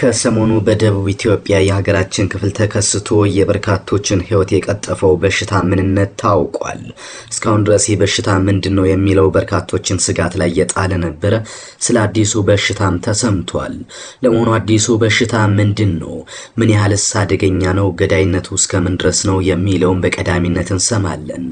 ከሰሞኑ በደቡብ ኢትዮጵያ የሀገራችን ክፍል ተከስቶ የበርካቶችን ሕይወት የቀጠፈው በሽታ ምንነት ታውቋል። እስካሁን ድረስ ይህ በሽታ ምንድን ነው የሚለው በርካቶችን ስጋት ላይ የጣለ ነበረ። ስለ አዲሱ በሽታም ተሰምቷል። ለመሆኑ አዲሱ በሽታ ምንድን ነው? ምን ያህልስ አደገኛ ነው? ገዳይነቱ እስከምን ድረስ ነው የሚለውን በቀዳሚነት እንሰማለን።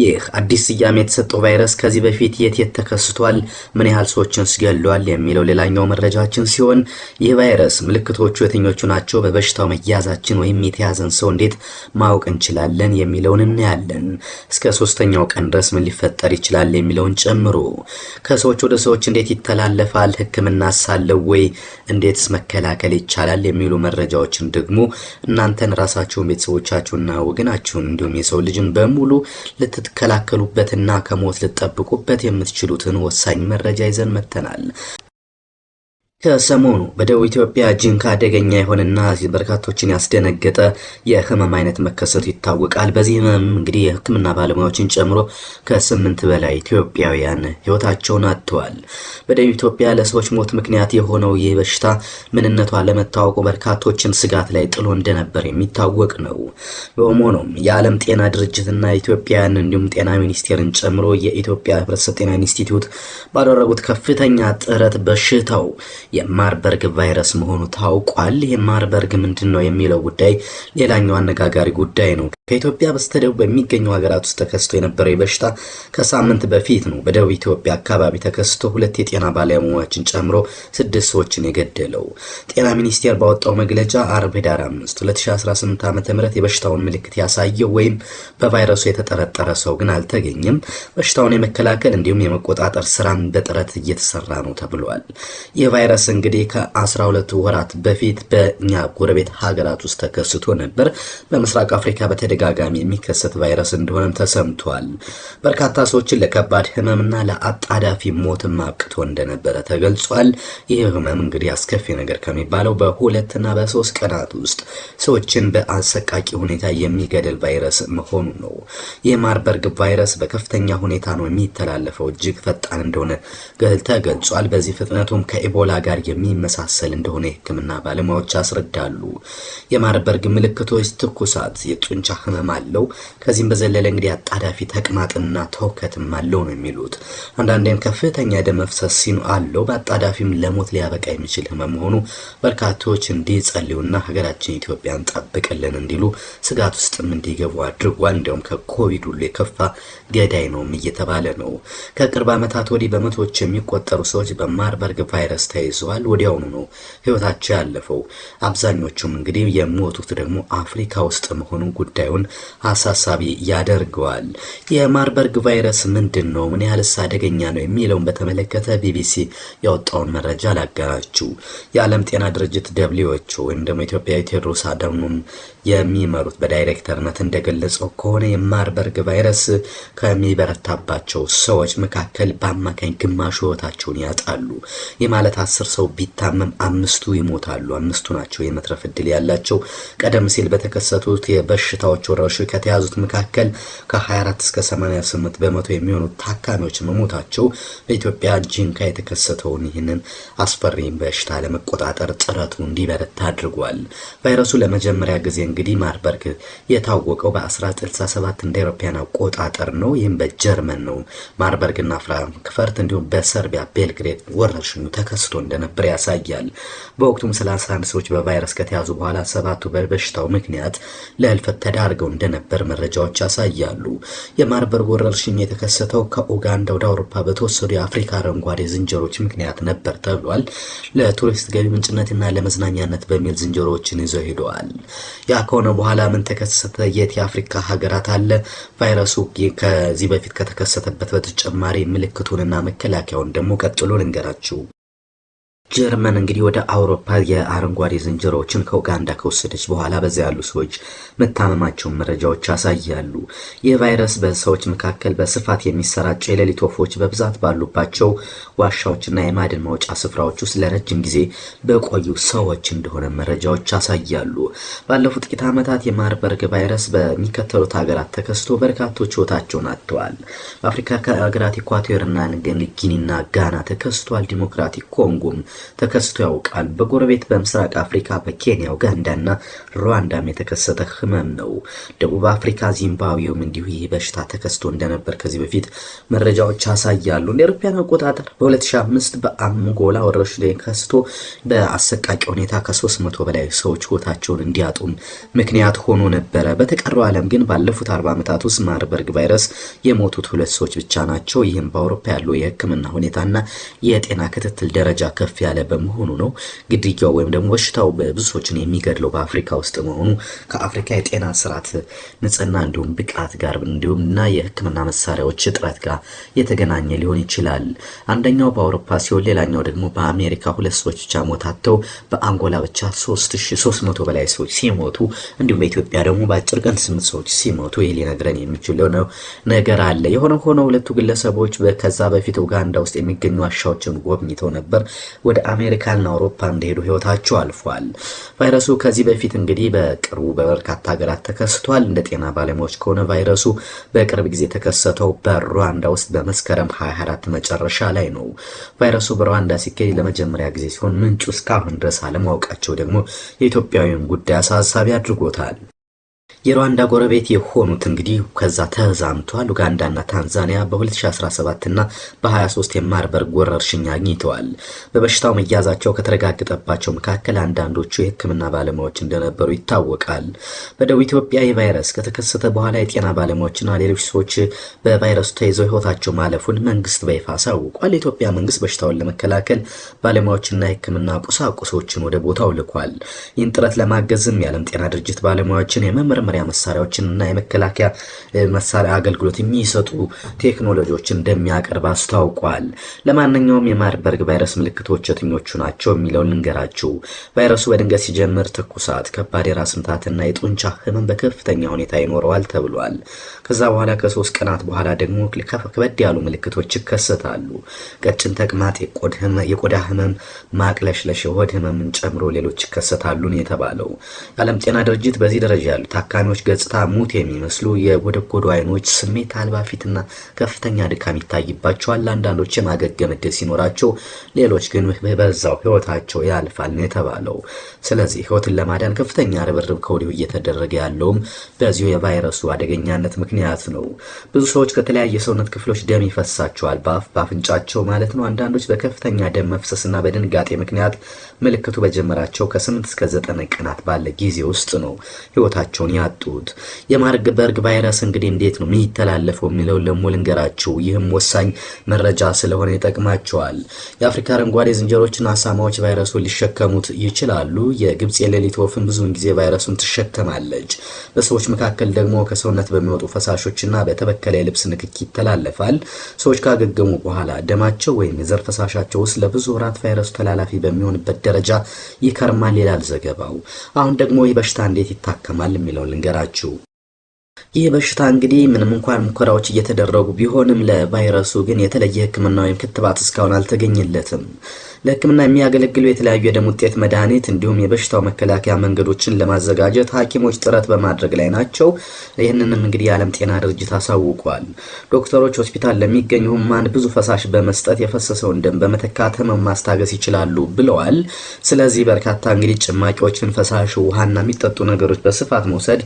ይህ አዲስ ስያሜ የተሰጠው ቫይረስ ከዚህ በፊት የት የት ተከስቷል? ምን ያህል ሰዎችን ስገሏል? የሚለው ሌላኛው መረጃችን ሲሆን ይህ ቫይረስ መድረስ ምልክቶቹ የትኞቹ ናቸው? በበሽታው መያዛችን ወይም የተያዘን ሰው እንዴት ማወቅ እንችላለን? የሚለውን እናያለን። እስከ ሶስተኛው ቀን ድረስ ምን ሊፈጠር ይችላል የሚለውን ጨምሮ ከሰዎች ወደ ሰዎች እንዴት ይተላለፋል? ሕክምና ሳለው ወይ እንዴትስ መከላከል ይቻላል? የሚሉ መረጃዎችን ደግሞ እናንተን ራሳችሁን፣ ቤተሰቦቻችሁና ወገናችሁን እንዲሁም የሰው ልጅን በሙሉ ልትከላከሉበትና ከሞት ልትጠብቁበት የምትችሉትን ወሳኝ መረጃ ይዘን መጥተናል። ከሰሞኑ በደቡብ ኢትዮጵያ ጅንካ አደገኛ የሆነና በርካቶችን ያስደነገጠ የህመም አይነት መከሰቱ ይታወቃል። በዚህ ህመም እንግዲህ የህክምና ባለሙያዎችን ጨምሮ ከስምንት በላይ ኢትዮጵያውያን ህይወታቸውን አጥተዋል። በደቡብ ኢትዮጵያ ለሰዎች ሞት ምክንያት የሆነው ይህ በሽታ ምንነቷ ለመታወቁ በርካቶችን ስጋት ላይ ጥሎ እንደነበር የሚታወቅ ነው። በመሆኑም የዓለም ጤና ድርጅትና ኢትዮጵያውያን እንዲሁም ጤና ሚኒስቴርን ጨምሮ የኢትዮጵያ ህብረተሰብ ጤና ኢንስቲትዩት ባደረጉት ከፍተኛ ጥረት በሽታው የማርበርግ ቫይረስ መሆኑ ታውቋል። ይህ ማርበርግ ምንድን ነው የሚለው ጉዳይ ሌላኛው አነጋጋሪ ጉዳይ ነው። ከኢትዮጵያ በስተደቡብ በሚገኙ ሀገራት ውስጥ ተከስቶ የነበረው የበሽታ ከሳምንት በፊት ነው በደቡብ ኢትዮጵያ አካባቢ ተከስቶ ሁለት የጤና ባለሙያዎችን ጨምሮ ስድስት ሰዎችን የገደለው። ጤና ሚኒስቴር ባወጣው መግለጫ አርብ ህዳር 5 2018 ዓ ም የበሽታውን ምልክት ያሳየው ወይም በቫይረሱ የተጠረጠረ ሰው ግን አልተገኘም። በሽታውን የመከላከል እንዲሁም የመቆጣጠር ስራን በጥረት እየተሰራ ነው ተብሏል። ይህ ቫይረስ እንግዲህ ከ12 ወራት በፊት በእኛ ጎረቤት ሀገራት ውስጥ ተከስቶ ነበር። በምስራቅ አፍሪካ በተደ በተደጋጋሚ የሚከሰት ቫይረስ እንደሆነም ተሰምቷል። በርካታ ሰዎችን ለከባድ ህመምና ለአጣዳፊ ሞትም አብቅቶ እንደነበረ ተገልጿል። ይህ ህመም እንግዲህ አስከፊ ነገር ከሚባለው በሁለትና በሶስት ቀናት ውስጥ ሰዎችን በአሰቃቂ ሁኔታ የሚገድል ቫይረስ መሆኑ ነው። የማርበርግ ቫይረስ በከፍተኛ ሁኔታ ነው የሚተላለፈው፣ እጅግ ፈጣን እንደሆነ ተገልጿል። በዚህ ፍጥነቱም ከኢቦላ ጋር የሚመሳሰል እንደሆነ የህክምና ባለሙያዎች ያስረዳሉ። የማርበርግ ምልክቶች ትኩሳት፣ የጡንቻ ህመም አለው። ከዚህም በዘለለ እንግዲህ አጣዳፊ ተቅማጥና ተውከትም አለው ነው የሚሉት። አንዳንዴም ከፍተኛ ደም መፍሰስ ሲኑ አለው። በአጣዳፊም ለሞት ሊያበቃ የሚችል ህመም መሆኑ በርካቶች እንዲጸልዩና ሀገራችን ኢትዮጵያን ጠብቅልን እንዲሉ ስጋት ውስጥም እንዲገቡ አድርጓል። እንዲያውም ከኮቪድ ሁሉ የከፋ ገዳይ ነውም እየተባለ ነው። ከቅርብ ዓመታት ወዲህ በመቶዎች የሚቆጠሩ ሰዎች በማርበርግ ቫይረስ ተይዘዋል። ወዲያውኑ ነው ህይወታቸው ያለፈው። አብዛኞቹም እንግዲህ የሞቱት ደግሞ አፍሪካ ውስጥ መሆኑን ጉዳዩ የሚለውን አሳሳቢ ያደርገዋል። የማርበርግ ቫይረስ ምንድን ነው? ምን ያህልስ አደገኛ ነው? የሚለውን በተመለከተ ቢቢሲ ያወጣውን መረጃ ላጋራችሁ። የዓለም ጤና ድርጅት ደብሊዎች ወይም ደግሞ ኢትዮጵያዊ ቴዎድሮስ አዳኖም የሚመሩት በዳይሬክተርነት እንደገለጸው ከሆነ የማርበርግ ቫይረስ ከሚበረታባቸው ሰዎች መካከል በአማካኝ ግማሽ ህይወታቸውን ያጣሉ። ይህ ማለት አስር ሰው ቢታመም አምስቱ ይሞታሉ። አምስቱ ናቸው የመትረፍ እድል ያላቸው። ቀደም ሲል በተከሰቱት የበሽታዎች በሚገጥማቸው ወረርሽኝ ከተያዙት መካከል ከ24 እስከ 88 በመቶ የሚሆኑ ታካሚዎች መሞታቸው በኢትዮጵያ ጂንካ የተከሰተውን ይህንን አስፈሪም በሽታ ለመቆጣጠር ጥረቱ እንዲበረታ አድርጓል። ቫይረሱ ለመጀመሪያ ጊዜ እንግዲህ ማርበርግ የታወቀው በ1967 እንደ አውሮፓውያን አቆጣጠር ነው። ይህም በጀርመን ነው። ማርበርግና ፍራንክፈርት እንዲሁም በሰርቢያ ቤልግሬድ ወረርሽኙ ተከስቶ እንደነበር ያሳያል። በወቅቱም ስለ 11 ሰዎች በቫይረስ ከተያዙ በኋላ ሰባቱ በበሽታው ምክንያት ለህልፈት ተዳር አድርገው እንደነበር መረጃዎች ያሳያሉ። የማርበርግ ወረርሽኝ የተከሰተው ከኡጋንዳ ወደ አውሮፓ በተወሰዱ የአፍሪካ አረንጓዴ ዝንጀሮች ምክንያት ነበር ተብሏል። ለቱሪስት ገቢ ምንጭነትና ለመዝናኛነት በሚል ዝንጀሮዎችን ይዘው ሄደዋል። ያ ከሆነ በኋላ ምን ተከሰተ? የት የአፍሪካ ሀገራት አለ? ቫይረሱ ከዚህ በፊት ከተከሰተበት በተጨማሪ ምልክቱንና መከላከያውን ደግሞ ቀጥሎ ልንገራችሁ። ጀርመን እንግዲህ ወደ አውሮፓ የአረንጓዴ ዝንጀሮዎችን ከኡጋንዳ ከወሰደች በኋላ በዚያ ያሉ ሰዎች መታመማቸውን መረጃዎች ያሳያሉ። ይህ ቫይረስ በሰዎች መካከል በስፋት የሚሰራጭ የሌሊት ወፎች በብዛት ባሉባቸው ዋሻዎችና የማዕድን ማውጫ ስፍራዎች ውስጥ ለረጅም ጊዜ በቆዩ ሰዎች እንደሆነ መረጃዎች ያሳያሉ። ባለፉት ጥቂት ዓመታት የማርበርግ ቫይረስ በሚከተሉት ሀገራት ተከስቶ በርካቶች ህይወታቸውን አጥተዋል። በአፍሪካ ሀገራት ኢኳቶርና ጊኒና ጋና ተከስቷል። ዲሞክራቲክ ኮንጎም ተከስቶ ያውቃል። በጎረቤት በምስራቅ አፍሪካ በኬንያ ኡጋንዳና ሩዋንዳም የተከሰተ ህመም ነው። ደቡብ አፍሪካ ዚምባብዌም እንዲሁ ይህ በሽታ ተከስቶ እንደነበር ከዚህ በፊት መረጃዎች ያሳያሉ። እንደ አውሮፓውያን አቆጣጠር በ2005 በአንጎላ ወረርሽኝ ከስቶ በአሰቃቂ ሁኔታ ከ300 በላይ ሰዎች ህይወታቸውን እንዲያጡም ምክንያት ሆኖ ነበረ። በተቀረው ዓለም ግን ባለፉት 40 ዓመታት ውስጥ ማርበርግ ቫይረስ የሞቱት ሁለት ሰዎች ብቻ ናቸው። ይህም በአውሮፓ ያለው የህክምና ሁኔታና የጤና ክትትል ደረጃ ከፍ ያለ ያለ በመሆኑ ነው። ግድያው ወይም ደግሞ በሽታው ብዙ ሰዎችን የሚገድለው በአፍሪካ ውስጥ መሆኑ ከአፍሪካ የጤና ስርዓት ንጽህና፣ እንዲሁም ብቃት ጋር እንዲሁም እና የህክምና መሳሪያዎች እጥረት ጋር የተገናኘ ሊሆን ይችላል። አንደኛው በአውሮፓ ሲሆን ሌላኛው ደግሞ በአሜሪካ ሁለት ሰዎች ብቻ ሞታተው በአንጎላ ብቻ 3300 በላይ ሰዎች ሲሞቱ እንዲሁም በኢትዮጵያ ደግሞ በአጭር ቀን ስምንት ሰዎች ሲሞቱ ይህ ሊነግረን የሚችለው ነገር አለ። የሆነ ሆነ ሁለቱ ግለሰቦች ከዛ በፊት ኡጋንዳ ውስጥ የሚገኙ ዋሻዎችን ጎብኝተው ነበር። ወደ አሜሪካና አውሮፓ እንደሄዱ ህይወታቸው አልፏል። ቫይረሱ ከዚህ በፊት እንግዲህ በቅርቡ በበርካታ ሀገራት ተከስቷል። እንደ ጤና ባለሙያዎች ከሆነ ቫይረሱ በቅርብ ጊዜ የተከሰተው በሩዋንዳ ውስጥ በመስከረም 24 መጨረሻ ላይ ነው። ቫይረሱ በሩዋንዳ ሲገኝ ለመጀመሪያ ጊዜ ሲሆን ምንጩ እስካሁን ድረስ አለማወቃቸው ደግሞ የኢትዮጵያዊን ጉዳይ አሳሳቢ አድርጎታል። የሩዋንዳ ጎረቤት የሆኑት እንግዲህ ከዛ ተዛምቷል። ኡጋንዳና ታንዛኒያ በ2017 እና በ23 የማርበርግ ወረርሽኝ አግኝተዋል። በበሽታው መያዛቸው ከተረጋገጠባቸው መካከል አንዳንዶቹ የሕክምና ባለሙያዎች እንደነበሩ ይታወቃል። በደቡብ ኢትዮጵያ የቫይረስ ከተከሰተ በኋላ የጤና ባለሙያዎችና ሌሎች ሰዎች በቫይረሱ ተይዘው ህይወታቸው ማለፉን መንግስት በይፋ አሳውቋል። የኢትዮጵያ መንግስት በሽታውን ለመከላከል ባለሙያዎችና የሕክምና ቁሳቁሶችን ወደ ቦታው ልኳል። ይህን ጥረት ለማገዝም የዓለም ጤና ድርጅት ባለሙያዎችን የመመርመር የመመርመሪያ መሳሪያዎችን እና የመከላከያ መሳሪያ አገልግሎት የሚሰጡ ቴክኖሎጂዎችን እንደሚያቀርብ አስታውቋል። ለማንኛውም የማርበርግ ቫይረስ ምልክቶች የትኞቹ ናቸው የሚለውን ልንገራችሁ። ቫይረሱ በድንገት ሲጀምር ትኩሳት፣ ከባድ የራስ ምታትና የጡንቻ ህመም በከፍተኛ ሁኔታ ይኖረዋል ተብሏል። ከዛ በኋላ ከሶስት ቀናት በኋላ ደግሞ ከበድ ያሉ ምልክቶች ይከሰታሉ። ቀጭን ተቅማጥ፣ የቆዳ ህመም፣ ማቅለሽለሽ፣ የሆድ ህመምን ጨምሮ ሌሎች ይከሰታሉን የተባለው። የዓለም ጤና ድርጅት በዚህ ደረጃ ያሉት አካ የአይኖች ገጽታ ሙት የሚመስሉ የጎደጎዱ አይኖች፣ ስሜት አልባ ፊትና ከፍተኛ ድካም ይታይባቸዋል። አንዳንዶች የማገገም ዕድል ሲኖራቸው፣ ሌሎች ግን በዛው ህይወታቸው ያልፋል ነው የተባለው። ስለዚህ ህይወትን ለማዳን ከፍተኛ ርብርብ ከወዲሁ እየተደረገ ያለውም በዚሁ የቫይረሱ አደገኛነት ምክንያት ነው። ብዙ ሰዎች ከተለያየ ሰውነት ክፍሎች ደም ይፈሳቸዋል፣ በአፍ በአፍንጫቸው ማለት ነው። አንዳንዶች በከፍተኛ ደም መፍሰስና በድንጋጤ ምክንያት ምልክቱ በጀመራቸው ከ8 እስከ 9 ቀናት ባለ ጊዜ ውስጥ ነው ህይወታቸውን ያ ያጡት። የማርበርግ ቫይረስ እንግዲህ እንዴት ነው የሚተላለፈው የሚለውን ለሞ ልንገራችሁ። ይህም ወሳኝ መረጃ ስለሆነ ይጠቅማቸዋል። የአፍሪካ አረንጓዴ ዝንጀሮችና አሳማዎች ቫይረሱን ሊሸከሙት ይችላሉ። የግብፅ የሌሊት ወፍን ብዙውን ጊዜ ቫይረሱን ትሸከማለች። በሰዎች መካከል ደግሞ ከሰውነት በሚወጡ ፈሳሾችና በተበከለ የልብስ ንክክ ይተላለፋል። ሰዎች ካገገሙ በኋላ ደማቸው ወይም የዘር ፈሳሻቸው ውስጥ ለብዙ ወራት ቫይረሱ ተላላፊ በሚሆንበት ደረጃ ይከርማል ይላል ዘገባው። አሁን ደግሞ ይህ በሽታ እንዴት ይታከማል የሚለውን ልንገራችሁ። ይህ በሽታ እንግዲህ ምንም እንኳን ሙከራዎች እየተደረጉ ቢሆንም ለቫይረሱ ግን የተለየ ሕክምና ወይም ክትባት እስካሁን አልተገኘለትም። ለህክምና የሚያገለግሉ የተለያዩ የደም ውጤት መድኃኒት እንዲሁም የበሽታው መከላከያ መንገዶችን ለማዘጋጀት ሐኪሞች ጥረት በማድረግ ላይ ናቸው። ይህንንም እንግዲህ የዓለም ጤና ድርጅት አሳውቋል። ዶክተሮች ሆስፒታል ለሚገኙ ህሙማን ብዙ ፈሳሽ በመስጠት የፈሰሰውን ደም በመተካት ህመም ማስታገስ ይችላሉ ብለዋል። ስለዚህ በርካታ እንግዲህ ጭማቂዎችን፣ ፈሳሽ ውሃና የሚጠጡ ነገሮች በስፋት መውሰድ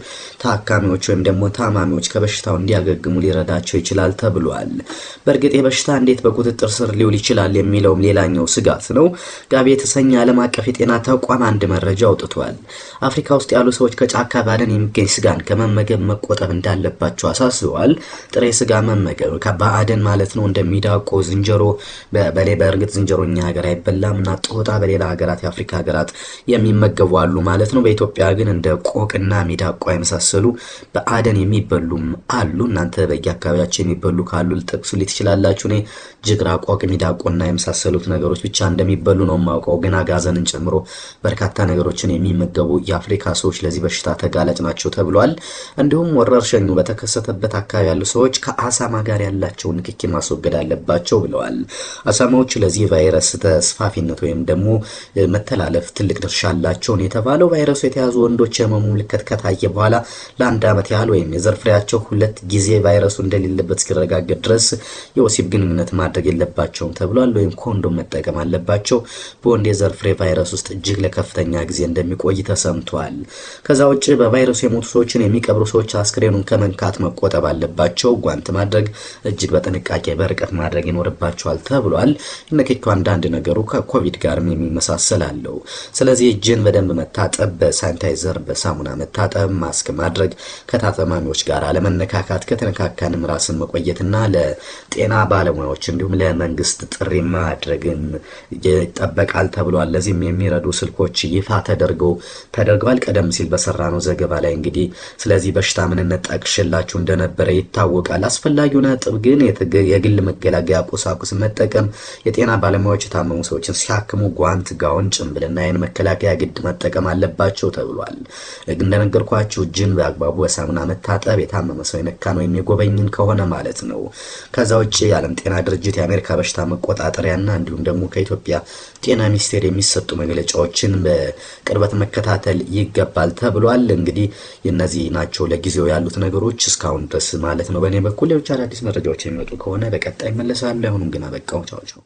ታካሚዎች ወይም ደግሞ ታማሚዎች ከበሽታው እንዲያገግሙ ሊረዳቸው ይችላል ተብሏል። በእርግጥ የበሽታ እንዴት በቁጥጥር ስር ሊውል ይችላል የሚለውም ሌላኛው ስጋት ነው። ጋቢ የተሰኘ ዓለም አቀፍ የጤና ተቋም አንድ መረጃ አውጥቷል። አፍሪካ ውስጥ ያሉ ሰዎች ከጫካ ባደን የሚገኝ ስጋን ከመመገብ መቆጠብ እንዳለባቸው አሳስበዋል። ጥሬ ስጋ መመገብ በአደን ማለት ነው እንደሚዳቆ ዝንጀሮ፣ በእርግጥ ዝንጀሮ እኛ ሀገር አይበላም እና ጦጣ በሌላ ሀገራት የአፍሪካ ሀገራት የሚመገቡ አሉ ማለት ነው። በኢትዮጵያ ግን እንደ ቆቅና ሚዳቋ የመሳሰሉ በአደን የሚበሉም አሉ። እናንተ በየአካባቢያቸው የሚበሉ ካሉ ልጠቅሱልኝ ትችላላችሁ። እኔ ጅግራ፣ ቆቅ፣ ሚዳቆና የመሳሰሉት ነገሮች ብቻ እንደሚበሉ ነው የማውቀው፣ ግን አጋዘንን ጨምሮ በርካታ ነገሮችን የሚመገቡ የአፍሪካ ሰዎች ለዚህ በሽታ ተጋለጭ ናቸው ተብሏል። እንዲሁም ወረርሸኙ በተከሰተበት አካባቢ ያሉ ሰዎች ከአሳማ ጋር ያላቸው ንክኪ ማስወገድ አለባቸው ብለዋል። አሳማዎች ለዚህ ቫይረስ ተስፋፊነት ወይም ደግሞ መተላለፍ ትልቅ ድርሻ አላቸውን የተባለው ቫይረሱ የተያዙ ወንዶች የህመሙ ምልክት ከታየ በኋላ ለአንድ ዓመት ያህል ወይም የዘር ፍሬያቸው ሁለት ጊዜ ቫይረሱ እንደሌለበት እስኪረጋገጥ ድረስ የወሲብ ግንኙነት ማድረግ የለባቸውም ተብሏል። ወይም ኮንዶም መጠቀም አለ ያለባቸው በወንድ የዘር ፍሬ ቫይረስ ውስጥ እጅግ ለከፍተኛ ጊዜ እንደሚቆይ ተሰምቷል። ከዛ ውጭ በቫይረሱ የሞቱ ሰዎችን የሚቀብሩ ሰዎች አስክሬኑን ከመንካት መቆጠብ አለባቸው። ጓንት ማድረግ እጅግ በጥንቃቄ በርቀት ማድረግ ይኖርባቸዋል ተብሏል። ንክኪ አንዳንድ ነገሩ ከኮቪድ ጋርም የሚመሳሰል አለው። ስለዚህ እጅን በደንብ መታጠብ፣ በሳኒታይዘር በሳሙና መታጠብ፣ ማስክ ማድረግ፣ ከታጠማሚዎች ጋር አለመነካካት፣ ከተነካካንም ራስን መቆየትና ለጤና ባለሙያዎች እንዲሁም ለመንግስት ጥሪ ማድረግን ይጠበቃል ተብሏል። ለዚህም የሚረዱ ስልኮች ይፋ ተደርገው ተደርገዋል። ቀደም ሲል በሰራ ነው ዘገባ ላይ እንግዲህ ስለዚህ በሽታ ምንነት ጠቅሽላችሁ እንደነበረ ይታወቃል። አስፈላጊው ነጥብ ግን የግል መገላገያ ቁሳቁስ መጠቀም፣ የጤና ባለሙያዎች የታመሙ ሰዎችን ሲያክሙ ጓንት፣ ጋውን፣ ጭንብልና የዓይን መከላከያ ግድ መጠቀም አለባቸው ተብሏል። እንደነገርኳችሁ እጅን በአግባቡ በሳሙና መታጠብ፣ የታመመ ሰው የነካን ወይም የጎበኝን ከሆነ ማለት ነው። ከዛ ውጭ የዓለም ጤና ድርጅት የአሜሪካ በሽታ መቆጣጠሪያና እንዲሁም ደግሞ ከኢትዮ የኢትዮጵያ ጤና ሚኒስቴር የሚሰጡ መግለጫዎችን በቅርበት መከታተል ይገባል ተብሏል። እንግዲህ እነዚህ ናቸው ለጊዜው ያሉት ነገሮች እስካሁን ድረስ ማለት ነው። በእኔ በኩል ሌሎች አዳዲስ መረጃዎች የሚወጡ ከሆነ በቀጣይ መለሳለሁ። አሁኑም ግን አበቃው። ቻው ቻው።